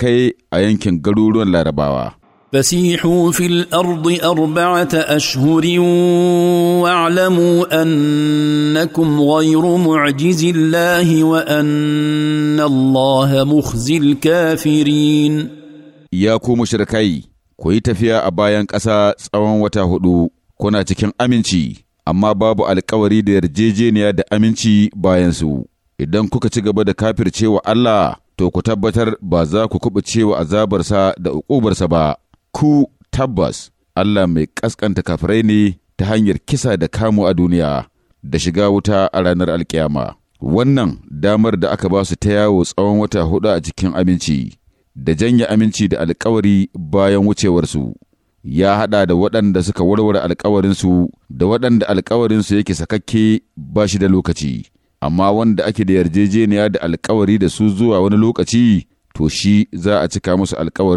kai a yankin garuruwan larabawa. فسيحوا في الارض اربعه اشهر annakum انكم غير معجز الله وان الله مخزي الكافرين يا ku mushrikai ku yi tafiya a bayan ƙasa tsawon wata hudu kuna cikin aminci amma babu alkawari da yarjejeniya da aminci bayan su idan kuka ci gaba da kafircewa Allah to ku tabbatar ba za ku kuɓuce wa azabarsa da uƙubarsa ba, ku tabbas Allah mai ƙasƙanta kafirai ne ta hanyar kisa da kamu a duniya da shiga wuta a ranar alkiyama. Wannan damar da aka ba su ta yawo tsawon wata hudu a cikin aminci, da janya aminci da alkawari bayan wucewarsu. ya haɗa da waɗanda suka warware alkawarinsu da waɗanda alkawarinsu yake sakakke ba shi da lokaci. amma wanda ake da yarjejeniya da alkawari da su zuwa wani lokaci, to shi za a cika musu alkawarin.